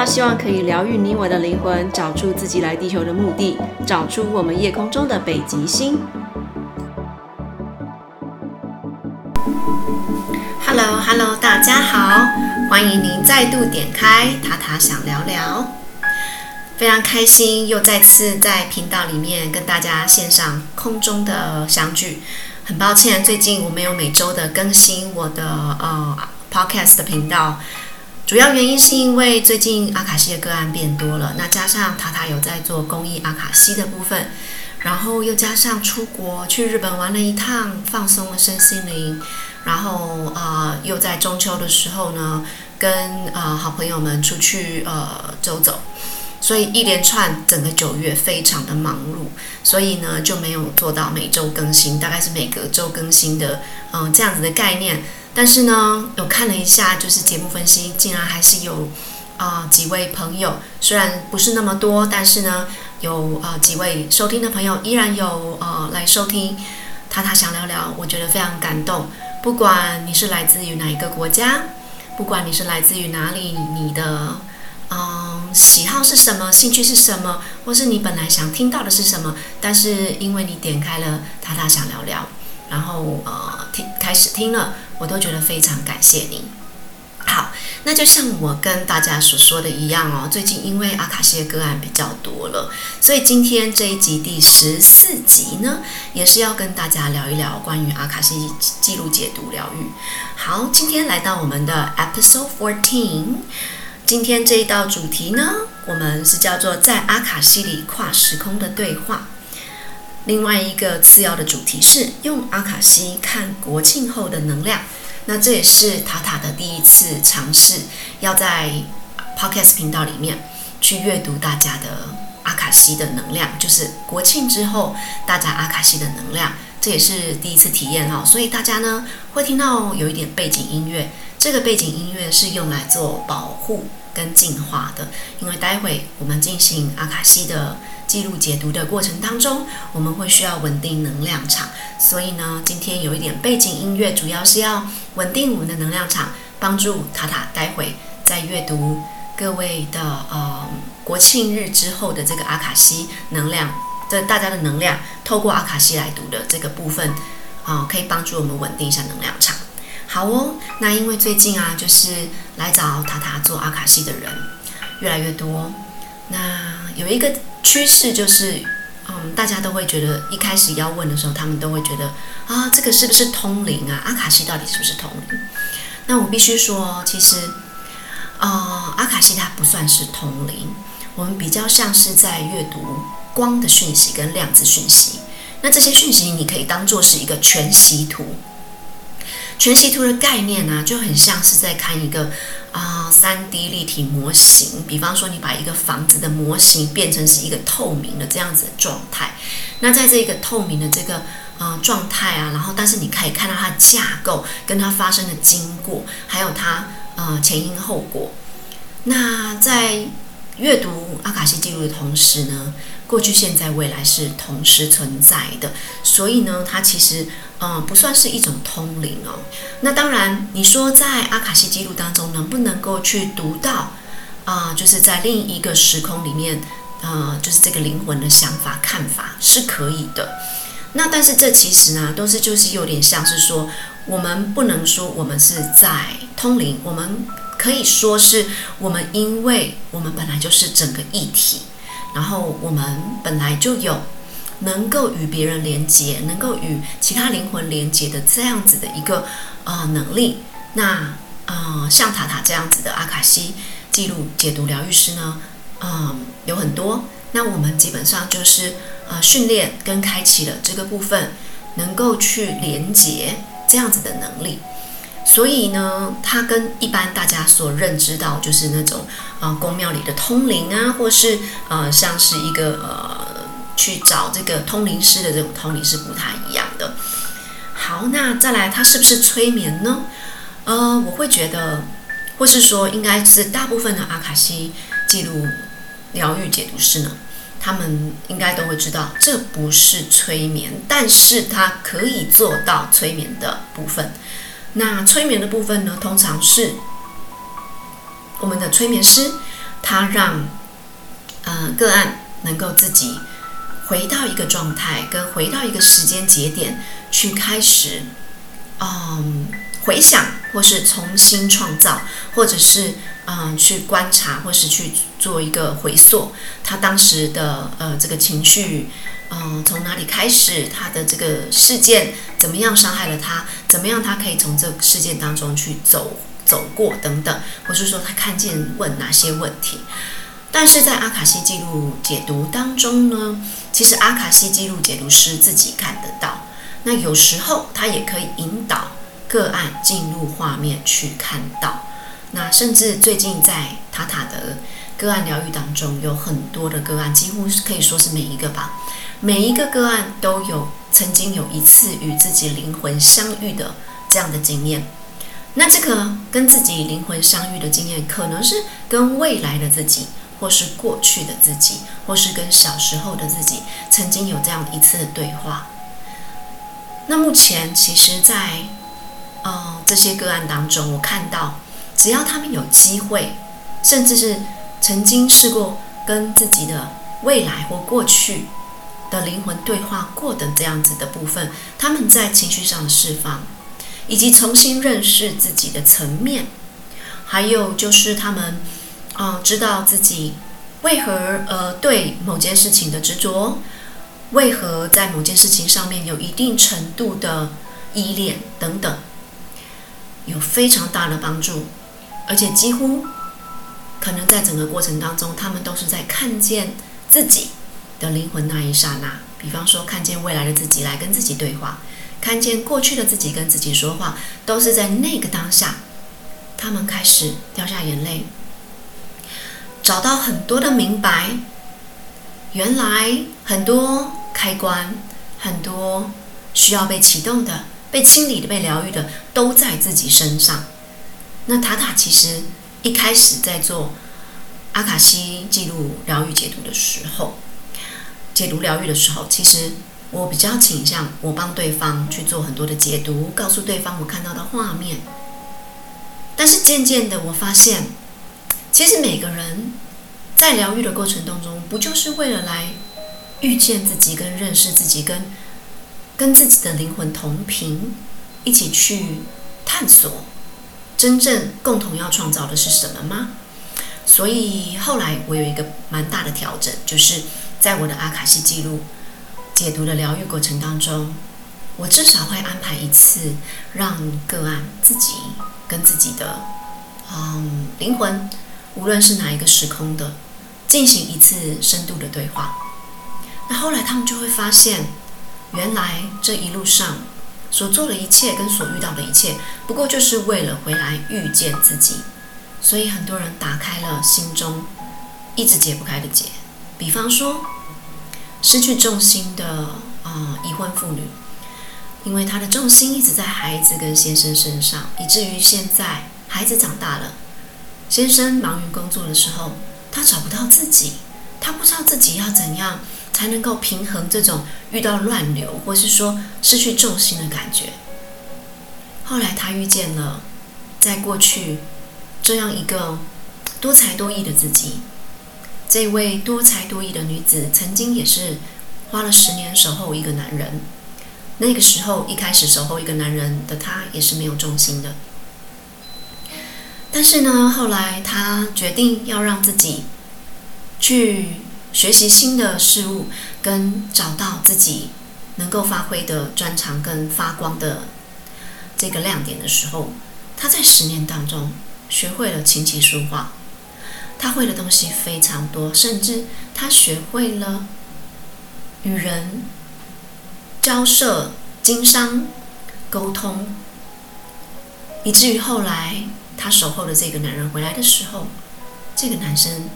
那希望可以療癒你我的靈魂，找出自己來地球的目的，找出我們夜空中的北極星。Hello Hello，大家好，歡迎您再度點開塔塔想聊聊，非常開心又再次在頻道裡面跟大家線上空中的相聚。很抱歉，最近我沒有每周的更新我的呃 Podcast 頻道。主要原因是因為最近阿卡西的個案變多了，那加上塔塔有在做公益阿卡西的部分，然後又加上出國去日本玩了一趟，放鬆了身心靈，然後啊、呃，又在中秋的時候呢，跟呃好朋友們出去呃走走，所以一連串整個九月非常的忙碌，所以呢就沒有做到每周更新，大概是每個周更新的嗯、呃、這樣子的概念。但是呢，有看了一下，就是節目分析，竟然還是有，啊、呃，幾位朋友，雖然不是那麼多，但是呢，有啊、呃、幾位收聽的朋友依然有呃來收聽，塔塔想聊聊，我覺得非常感動。不管你是來自於哪一個國家，不管你是來自於哪裡，你的嗯喜好是什麼，興趣是什麼，或是你本來想聽到的是什麼，但是因為你點開了塔塔想聊聊。然後，呃，聽，開始聽了，我都覺得非常感謝你。好，那就像我跟大家所說的一樣哦，最近因為阿卡西的個案比較多了，所以今天這一集第十四集呢，也是要跟大家聊一聊關於阿卡西記錄解讀療癒。好，今天來到我們的 Episode Fourteen，今天這一道主題呢，我們是叫做在阿卡西裡跨時空的對話。另外一個次要的主題是用阿卡西看國慶後的能量，那這也是塔塔的第一次嘗試，要在 Podcast 頻道裡面去閱讀大家的阿卡西的能量，就是國慶之後大家阿卡西的能量，這也是第一次體驗哈、哦，所以大家呢會聽到有一點背景音樂，這個背景音樂是用來做保護。跟進化的，因為待會我們進行阿卡西的紀錄解讀的過程當中，我們會需要穩定能量場，所以呢，今天有一點背景音樂，主要是要穩定我們的能量場，幫助塔塔待會再閱讀各位的呃國慶日之後的這個阿卡西能量，這大家的能量透過阿卡西來讀的這個部分啊、呃，可以幫助我們穩定一下能量場。好哦，那因為最近啊，就是來找塔塔做阿卡西的人越來越多，那有一個趨勢就是，嗯，大家都會覺得一開始要問的時候，他們都會覺得啊、哦，這個是不是通靈啊？阿卡西到底是不是通靈？那我必須說、哦，其實，啊、呃，阿卡西它不算是通靈，我們比較像是在閱讀光的訊息跟量子訊息，那這些訊息你可以當作是一個全息圖。全息圖的概念呢、啊，就很像是在看一個啊呃、3D 立體模型。比方說，你把一個房子的模型變成是一個透明的這樣子的狀態，那在這個透明的這個呃狀態啊，然後但是你可以看到它的架構、跟它發生的經過，還有它呃前因後果。那在閱讀阿卡西記錄的同時呢，過去、現在、未來是同時存在的，所以呢，它其實呃不算是一種通靈哦。那當然，你說在阿卡西記錄當中能不能夠去讀到啊，呃，就是在另一個時空裡面，呃，就是這個靈魂的想法、看法是可以的。那但是這其實呢，都是就是有點像是說，我們不能說我們是在通靈，我們。可以說是我們，因為我們本來就是整個一體，然後我們本來就有能夠與別人連接、能夠與其他靈魂連接的這樣子的一個呃能力。那呃，像塔塔這樣子的阿卡西記錄解讀療癒師呢，嗯、呃，有很多。那我們基本上就是呃訓練跟開啟了這個部分，能夠去連接這樣子的能力。所以呢，它跟一般大家所認知到就是那種啊，呃、宮廟裡的通靈啊，或是呃，像是一個呃，去找這個通靈師的這種通靈是不太一樣的。好，那再來，它是不是催眠呢？呃，我會覺得，或是說，應該是大部分的阿卡西記錄療癒解讀師呢，他們應該都會知道這不是催眠，但是它可以做到催眠的部分。那催眠的部分呢，通常是我們的催眠師，他讓呃個案能夠自己回到一個狀態，跟回到一個時間節點去開始，嗯、呃，回想或是重新創造，或者是嗯、呃，去觀察或是去做一個回溯，他當時的呃這個情緒。嗯、呃，從哪裡開始？他的這個事件怎麼樣傷害了他？怎麼樣他可以從這個事件當中去走走過等等，或是說他看見問哪些問題？但是在阿卡西記錄解讀當中呢，其實阿卡西記錄解讀師自己看得到。那有時候他也可以引導個案進入畫面去看到。那甚至最近在塔塔的個案療癒當中，有很多的個案，幾乎是可以說是每一個吧。每一個個案都有曾經有一次與自己靈魂相遇的這樣的經驗。那這個跟自己靈魂相遇的經驗，可能是跟未來的自己，或是過去的自己，或是跟小時候的自己，曾經有這樣一次的對話。那目前其實，在呃這些個案當中，我看到只要他們有機會，甚至是曾經試過跟自己的未來或過去，的靈魂對話過的這樣子的部分，他們在情緒上的釋放，以及重新認識自己的層面，還有就是他們啊、呃，知道自己為何呃對某件事情的執着，為何在某件事情上面有一定程度的依戀等等，有非常大的幫助，而且幾乎可能在整個過程當中，他們都是在看見自己。的靈魂那一剎那，比方說看見未來的自己來跟自己對話，看見過去的自己跟自己說話，都是在那個當下，他們開始掉下眼淚，找到很多的明白。原來很多開關，很多需要被啟動的、被清理的、被療癒的，都在自己身上。那塔塔其實一開始在做阿卡西記錄療癒解讀的時候。解讀療癒的時候，其實我比較傾向我幫對方去做很多的解讀，告訴對方我看到的畫面。但是漸漸的，我發現，其實每個人在療癒的過程當中，不就是為了來遇見自己、跟認識自己、跟跟自己的靈魂同頻，一起去探索真正共同要創造的是什麼嗎？所以後來我有一個蠻大的調整，就是。在我的阿卡西記錄解讀的療癒過程當中，我至少會安排一次讓個案自己跟自己的，嗯，靈魂，無論是哪一個時空的，進行一次深度的對話。那後來他們就會發現，原來這一路上所做的一切跟所遇到的一切，不過就是為了回來遇見自己。所以很多人打開了心中一直解不開的結，比方說。失去重心的啊，呃，已婚婦女，因為她的重心一直在孩子跟先生身上，以至於現在孩子長大了，先生忙於工作的時候，她找不到自己，她不知道自己要怎樣才能夠平衡這種遇到亂流或是說失去重心的感覺。後來她遇見了，在過去，這樣一個多才多藝的自己。這位多才多藝的女子，曾經也是花了十年守候一個男人。那個時候，一開始守候一個男人的她也是沒有重心的。但是呢，後來她決定要讓自己去學習新的事物，跟找到自己能夠發揮的專長跟發光的這個亮點的時候，她在十年當中學會了琴棋書畫。他會的東西非常多，甚至他學會了與人交涉、經商、溝通，以至於後來他守候的這個男人回來的時候，這個男生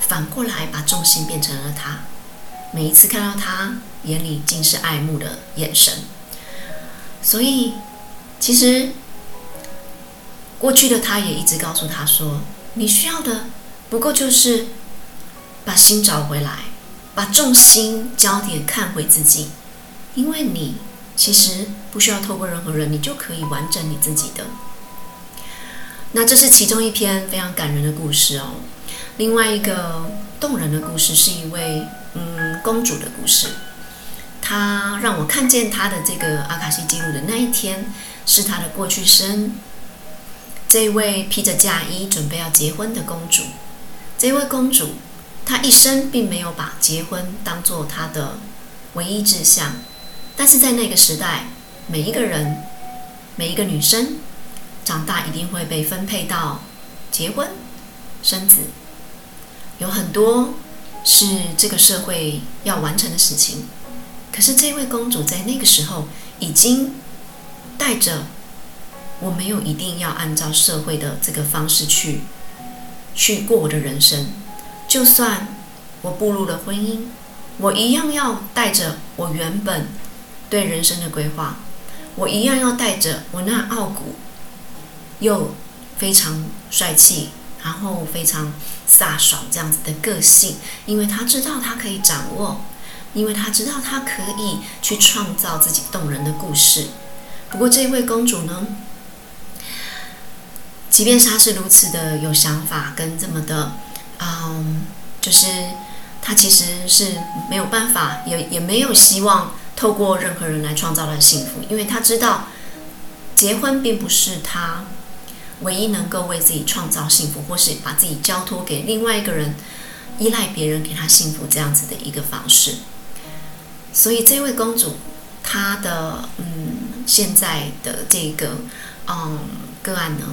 反過來把重心變成了他。每一次看到他，眼裡盡是愛慕的眼神。所以，其實過去的他也一直告訴他說：“你需要的。”不過就是把心找回來，把重心焦點看回自己，因為你其實不需要透過任何人，你就可以完整你自己的。那這是其中一篇非常感人的故事哦。另外一個動人的故事是一位嗯公主的故事，她讓我看見她的這個阿卡西記錄的那一天是她的過去生。這位披着嫁衣準備要結婚的公主。這位公主，她一生並沒有把結婚當做她的唯一志向，但是在那個時代，每一個人，每一個女生，長大一定會被分配到結婚、生子，有很多是這個社會要完成的事情。可是這位公主在那個時候，已經帶着我沒有一定要按照社會的這個方式去。去過我的人生，就算我步入了婚姻，我一樣要帶着我原本對人生的規劃，我一樣要帶着我那傲骨，又非常帥氣，然後非常颯爽這樣子的個性，因為他知道他可以掌握，因為他知道他可以去創造自己動人的故事。不過這位公主呢？即便是他是如此的有想法，跟這麼的，嗯，就是他其實是沒有辦法，也也沒有希望透過任何人來創造他的幸福，因為他知道結婚並不是他唯一能夠為自己創造幸福，或是把自己交托給另外一個人，依賴別人給他幸福這樣子的一個方式。所以，這位公主她的嗯現在的這個嗯個案呢？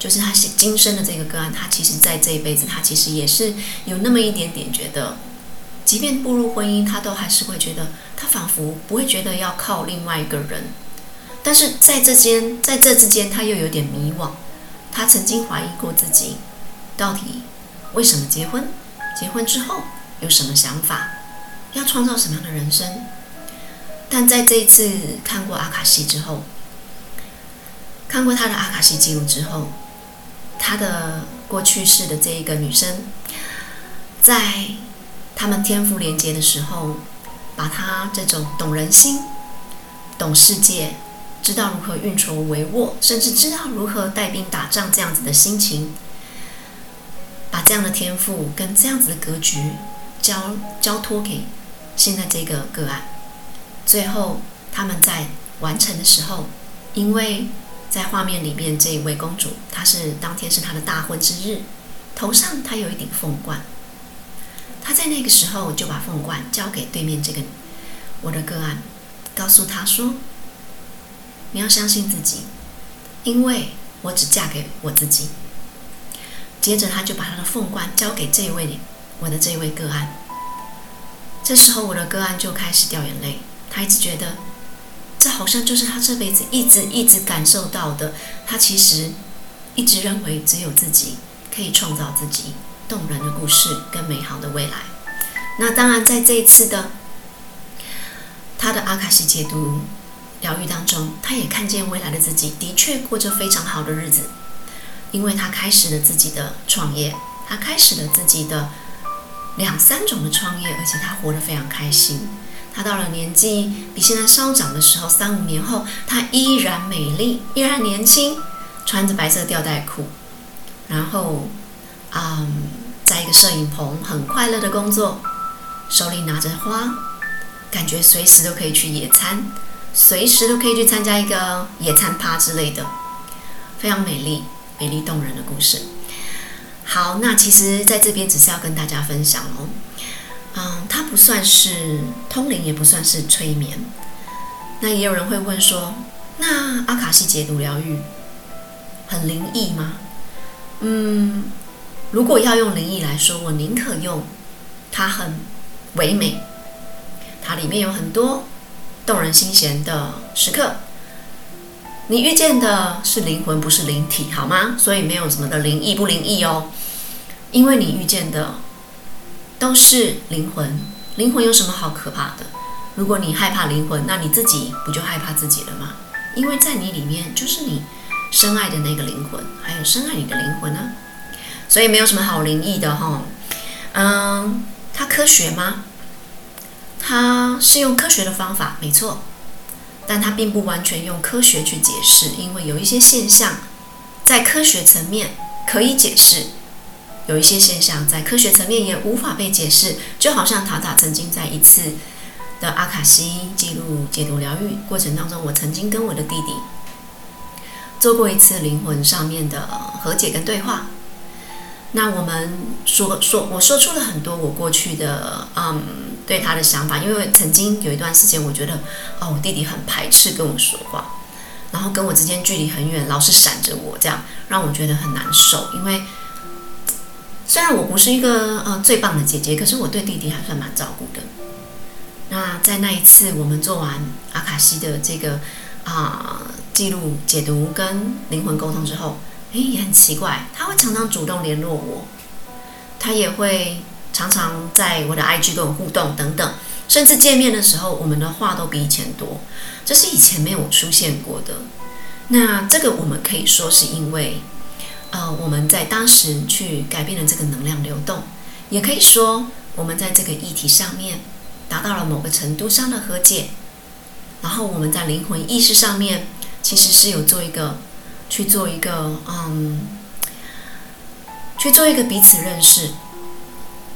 就是他是今生的這個個案，他其實，在這一輩子，他其實也是有那麼一點點覺得，即便步入婚姻，他都還是會覺得，他仿佛不會覺得要靠另外一個人。但是在這間，在這之間，他又有點迷惘。他曾經懷疑過自己，到底為什麼結婚？結婚之後有什麼想法？要創造什麼樣的人生？但在這一次看過阿卡西之後，看過他的阿卡西記錄之後。他的過去世的這一個女生，在他們天賦連接的時候，把他這種懂人心、懂世界、知道如何運籌帷幄，甚至知道如何帶兵打仗這樣子的心情，把這樣的天賦跟這樣子的格局交交托給現在這個個案。最後，他們在完成的時候，因為。在畫面裡面，這一位公主，她是當天是她的大婚之日，頭上她有一頂鳳冠，她在那個時候就把鳳冠交給對面這個我的個案，告訴她說：“你要相信自己，因為我只嫁給我自己。”接着她就把她的鳳冠交給這一位我的這一位個案，這時候我的個案就開始掉眼淚，她一直覺得。好像就是他這輩子一直一直感受到的。他其實一直認為只有自己可以創造自己動人的故事跟美好的未來。那當然，在這一次的他的阿卡西解讀療癒當中，他也看見未來的自己的確過着非常好的日子，因為他開始了自己的創業，他開始了自己的兩三種的創業，而且他活得非常開心。她到了年紀比現在稍長的時候，三五年後，她依然美麗，依然年輕，穿着白色吊帶褲，然後，嗯，在一個攝影棚很快樂的工作，手裡拿着花，感覺隨時都可以去野餐，隨時都可以去參加一個野餐趴之類的，非常美麗、美麗動人的故事。好，那其實在這邊只是要跟大家分享哦。嗯，它不算是通靈，也不算是催眠。那也有人會問說，那阿卡西解讀療癒很靈異嗎？嗯，如果要用靈異來說，我寧可用它很唯美，它裡面有很多動人心弦的時刻。你遇見的是靈魂，不是靈體，好嗎？所以沒有什麼的靈異不靈異哦，因為你遇見的。都是靈魂，靈魂有什麼好可怕的？如果你害怕靈魂，那你自己不就害怕自己了嗎？因為在你裡面，就是你深愛的那個靈魂，還有深愛你的靈魂呢。所以沒有什麼好靈異的哈。嗯，它科學嗎？它是用科學的方法，沒錯，但它並不完全用科學去解釋，因為有一些現象在科學層面可以解釋。有一些現象在科學層面也無法被解釋，就好像塔塔曾經在一次的阿卡西記錄解讀療癒過程當中，我曾經跟我的弟弟做過一次靈魂上面的和解跟對話。那我們說說，我說出了很多我過去的嗯，對他的想法，因為曾經有一段時間，我覺得哦，我弟弟很排斥跟我說話，然後跟我之間距離很遠，老是閃着我這樣，讓我覺得很難受，因為。雖然我不是一個呃最棒的姐姐，可是我對弟弟還算蠻照顧的。那在那一次我們做完阿卡西的這個啊、呃、記錄解讀跟靈魂溝通之後，哎，也很奇怪，他會常常主動聯絡我，他也會常常在我的 IG 跟我互動等等，甚至見面的時候，我們的話都比以前多，這是以前沒有出現過的。那這個我們可以說是因為。呃，我們在當時去改變了這個能量流動，也可以說，我們在這個議題上面達到了某個程度上的和解，然後我們在靈魂意識上面其實是有做一個，去做一個，嗯，去做一個彼此認識，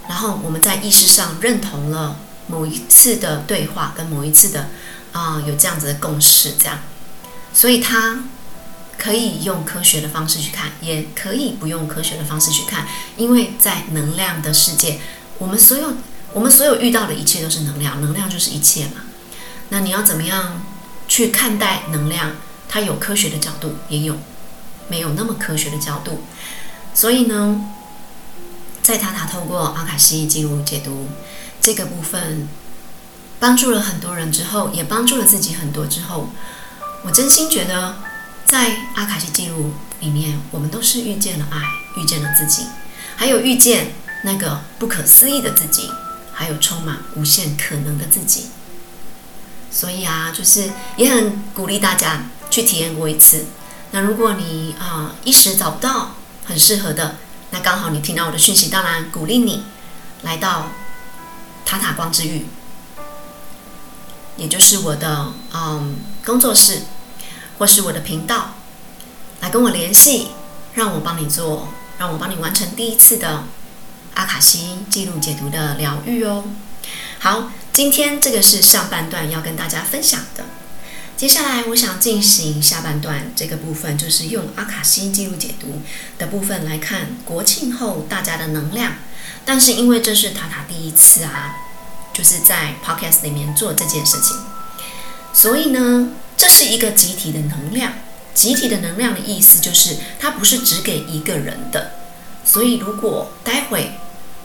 然後我們在意識上認同了某一次的對話跟某一次的，啊、呃，有這樣子的共識，這樣，所以他。可以用科學的方式去看，也可以不用科學的方式去看，因為在能量的世界，我們所有我們所有遇到的一切都是能量，能量就是一切嘛。那你要怎麼樣去看待能量？它有科學的角度，也有沒有那麼科學的角度。所以呢，在塔塔透過阿卡西記錄解讀這個部分，幫助了很多人之後，也幫助了自己很多之後，我真心覺得。在阿卡西記錄裡面，我們都是遇見了愛，遇見了自己，還有遇見那個不可思議的自己，還有充滿無限可能的自己。所以啊，就是也很鼓勵大家去體驗過一次。那如果你啊、呃、一時找不到很適合的，那剛好你聽到我的訊息，當然鼓勵你來到塔塔光之癒，也就是我的嗯、呃、工作室。或是我的頻道來跟我聯繫，讓我幫你做，讓我幫你完成第一次的阿卡西記錄解讀的療癒哦。好，今天這個是上半段要跟大家分享的，接下來我想進行下半段這個部分，就是用阿卡西記錄解讀的部分來看國慶後大家的能量。但是因為這是塔塔第一次啊，就是在 Podcast 裡面做這件事情。所以呢，這是一個集體的能量。集體的能量的意思就是，它不是只給一個人的。所以，如果待會，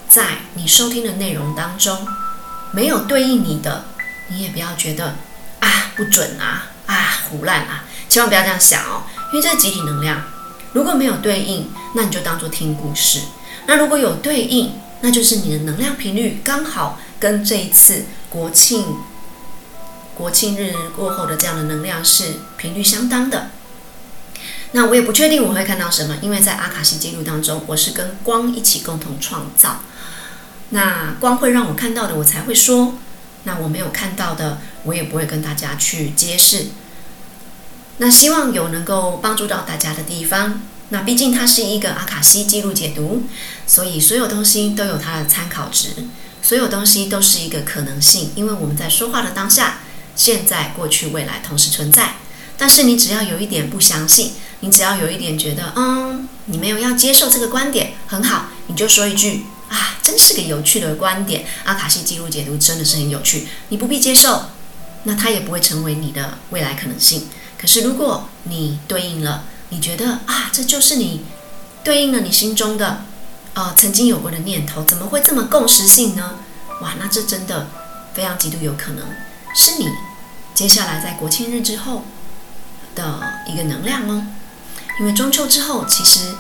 在你收聽的內容當中沒有對應你的，你也不要覺得啊，不準啊，啊胡亂啊，千萬不要這樣想哦。因為這集體能量如果沒有對應，那你就當做聽故事。那如果有對應，那就是你的能量頻率剛好跟這一次國慶。國慶日過後的這樣的能量是頻率相當的。那我也不確定我會看到什麼，因為在阿卡西記錄當中，我是跟光一起共同創造。那光會讓我看到的，我才會說；那我沒有看到的，我也不會跟大家去揭示。那希望有能夠幫助到大家的地方。那畢竟它是一個阿卡西記錄解讀，所以所有東西都有它的參考值，所有東西都是一個可能性，因為我們在說話的當下。現在、過去、未來同時存在，但是你只要有一點不相信，你只要有一點覺得，嗯，你沒有要接受這個觀點，很好，你就說一句啊，真是個有趣的觀點，阿卡西記錄解讀真的是很有趣，你不必接受，那它也不會成為你的未來可能性。可是如果你對應了，你覺得啊，這就是你對應了你心中的啊、呃，曾經有過的念頭，怎麼會這麼共識性呢？哇，那這真的非常極度有可能是你。接下來在國慶日之後的一個能量哦，因為中秋之後其實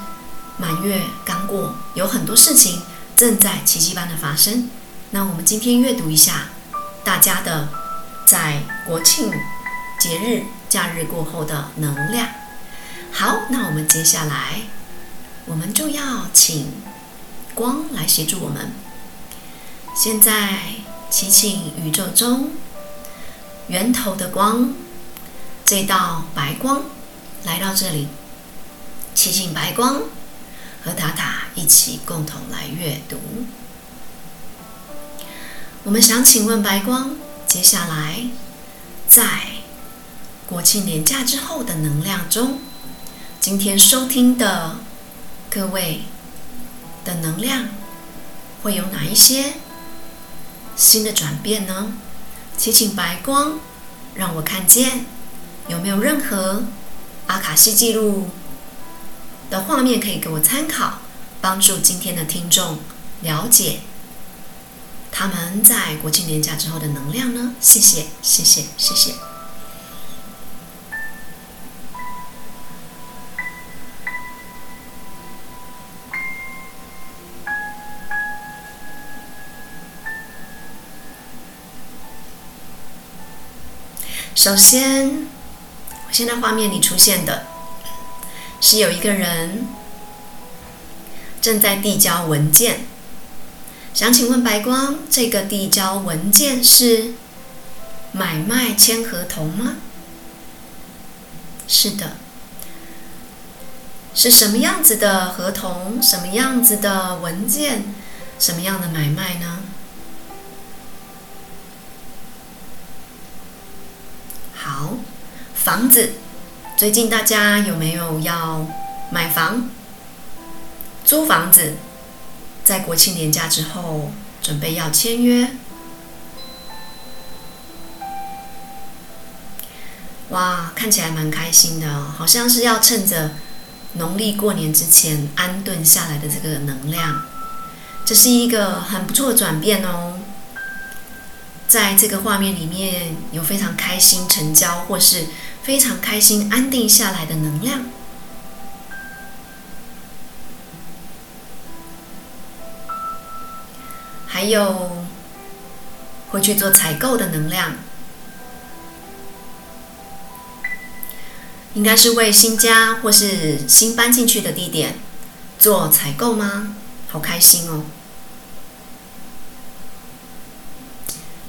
滿月剛過，有很多事情正在奇蹟般的發生。那我們今天閱讀一下大家的在國慶節日假日過後的能量。好，那我們接下來我們就要請光來協助我們。現在祈請宇宙中。源頭的光，這道白光來到這裡。祈請白光和塔塔一起共同來閱讀。我們想請問白光，接下來在國慶連假之後的能量中，今天收聽的各位的能量會有哪一些新的轉變呢？祈請白光，讓我看見有沒有任何阿卡西記錄的畫面可以給我參考，幫助今天的聽眾了解他們在國慶連假之後的能量呢？謝謝，謝謝，謝謝。首先，我現在畫面裡出現的，是有一個人正在遞交文件。想請問白光，這個遞交文件是買賣簽合同嗎？是的。是什麼樣子的合同？什麼樣子的文件？什麼樣的買賣呢？房子，最近大家有沒有要買房、租房子？在國慶連假之後，準備要簽約？哇，看起來蠻開心的，好像是要趁着農曆過年之前安頓下來的這個能量，這是一個很不錯的轉變哦。在這個畫面裡面有非常開心成交，或是。非常開心、安定下來的能量，還有會去做採購的能量，應該是為新家或是新搬進去的地點做採購嗎？好開心哦！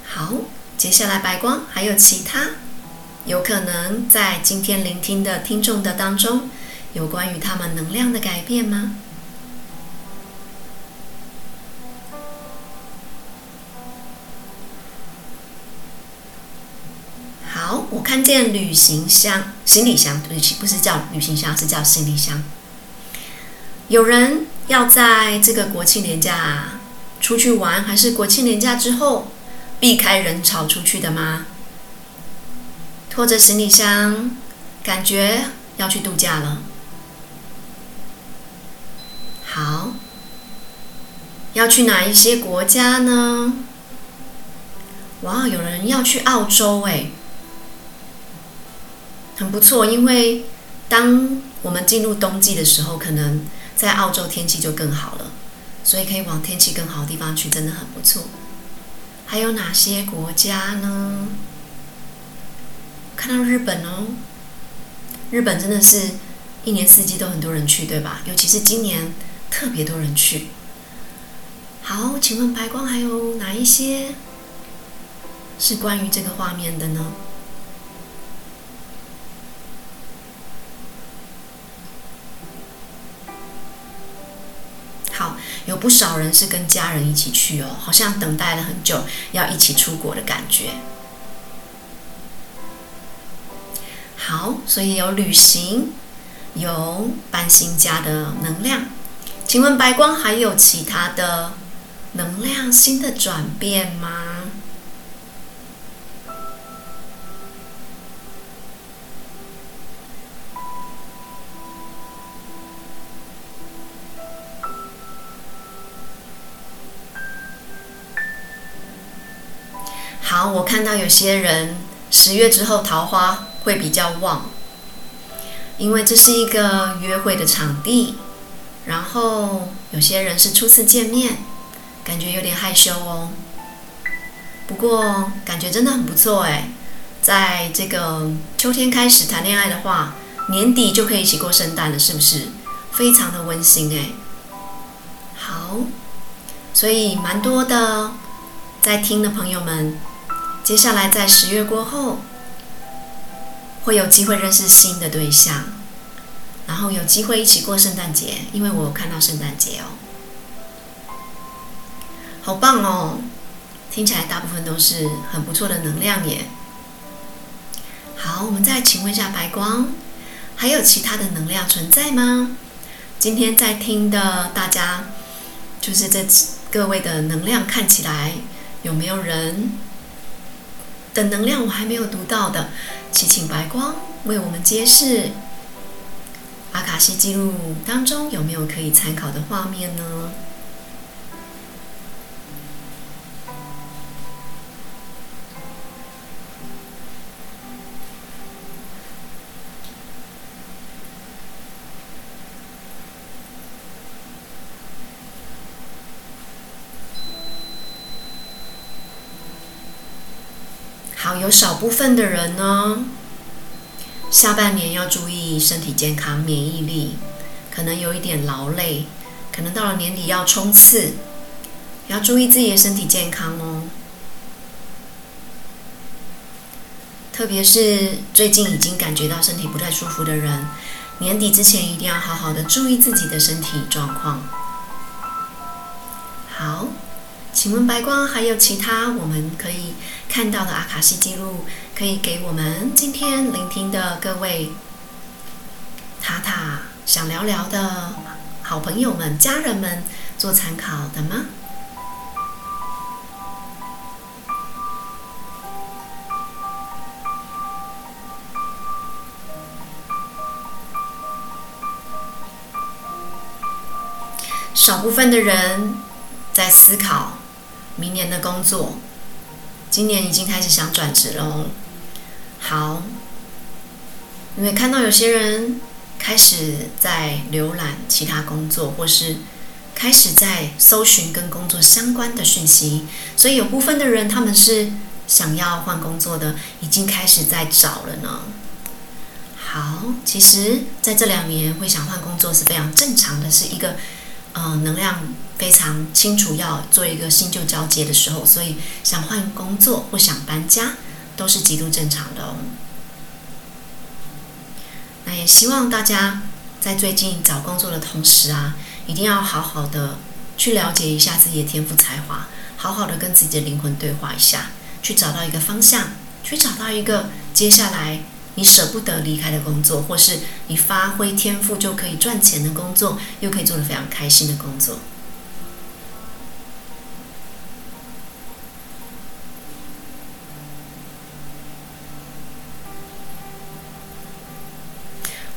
好，接下來白光還有其他？有可能在今天聆聽的聽眾的當中，有關於他們能量的改變嗎？好，我看見旅行箱、行李箱，對不起，不是叫旅行箱，是叫行李箱。有人要在這個國慶連假出去玩，還是國慶連假之後避開人潮出去的嗎？拖着行李箱，感覺要去度假了。好，要去哪一些國家呢？哇，有人要去澳洲欸，很不錯。因為當我們進入冬季的時候，可能在澳洲天氣就更好了，所以可以往天氣更好的地方去，真的很不錯。還有哪些國家呢？看到日本哦，日本真的是一年四季都很多人去，對吧？尤其是今年特別多人去。好，請問白光還有哪一些是關於這個畫面的呢？好，有不少人是跟家人一起去哦，好像等待了很久要一起出國的感覺。好，所以有旅行，有搬新家的能量。請問白光還有其他的能量、新的轉變嗎？好，我看到有些人十月之後桃花。會比較旺，因為這是一個約會的場地，然後有些人是初次見面，感覺有點害羞哦。不過感覺真的很不錯哎，在這個秋天開始談戀愛的話，年底就可以一起過聖誕了，是不是？非常的溫馨哎。好，所以蠻多的在聽的朋友們，接下來在十月過後。會有機會認識新的對象，然後有機會一起過聖誕節，因為我有看到聖誕節哦，好棒哦！聽起來大部分都是很不錯的能量耶。好，我們再請問一下白光，還有其他的能量存在嗎？今天在聽的大家，就是這，各位的能量看起來，有沒有人？等能量我還沒有讀到的，祈請白光為我們揭示阿卡西記錄當中有沒有可以參考的畫面呢？少部分的人呢，下半年要注意身體健康，免疫力可能有一點勞累，可能到了年底要衝刺，要注意自己的身體健康哦。特別是最近已經感覺到身體不太舒服的人，年底之前一定要好好的注意自己的身體狀況。請問白光還有其他我們可以看到的阿卡西記錄，可以給我們今天聆聽的各位塔塔想聊聊的好朋友們、家人們做參考的嗎？少部分的人在思考，明年的工作，今年已經開始想轉職了。好，因為看到有些人開始在瀏覽其他工作，或是開始在搜尋跟工作相關的訊息，所以有部分的人他們是想要換工作的，已經開始在找了呢。好，其實在這兩年會想換工作是非常正常的，是一個嗯、呃、能量。非常清楚要做一個新舊交接的時候，所以想換工作或想搬家都是極度正常的哦。那也希望大家在最近找工作的同時啊，一定要好好的去了解一下自己的天賦才華，好好的跟自己的靈魂對話一下，去找到一個方向，去找到一個接下來你捨不得離開的工作，或是你發揮天賦就可以賺錢的工作，又可以做的非常開心的工作。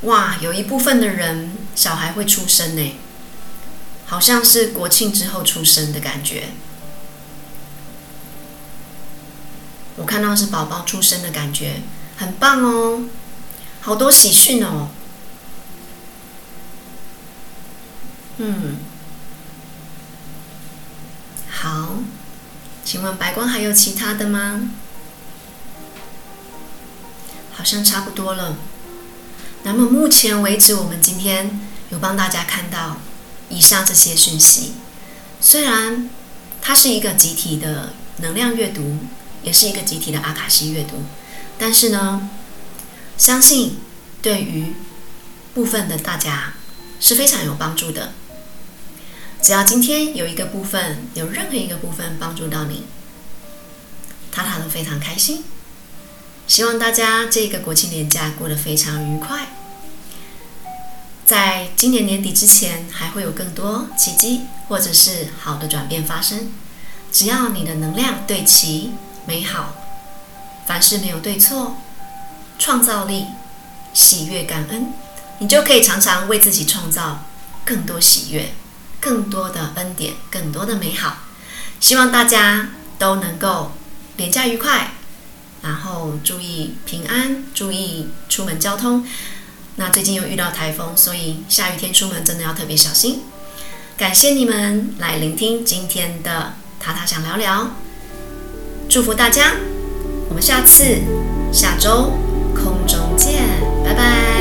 哇，有一部分的人小孩會出生呢，好像是國慶之後出生的感覺。我看到是寶寶出生的感覺，很棒哦，好多喜訊哦。嗯，好，請問白光還有其他的嗎？好像差不多了。那麼目前為止，我們今天有幫大家看到以上這些訊息。雖然它是一個集體的能量閱讀，也是一個集體的阿卡西閱讀，但是呢，相信對於部分的大家是非常有幫助的。只要今天有一個部分，有任何一個部分幫助到你，塔塔都非常開心。希望大家這個國慶連假過得非常愉快。在今年年底之前，還會有更多奇蹟或者是好的轉變發生。只要你的能量對齊美好，凡事沒有對錯，創造力、喜悅、感恩，你就可以常常為自己創造更多喜悅、更多的恩典、更多的美好。希望大家都能夠連假愉快。然後注意平安，注意出門交通。那最近又遇到颱風，所以下雨天出門真的要特別小心。感謝你們來聆聽今天的塔塔想聊聊。祝福大家，我們下次下周空中見，拜拜。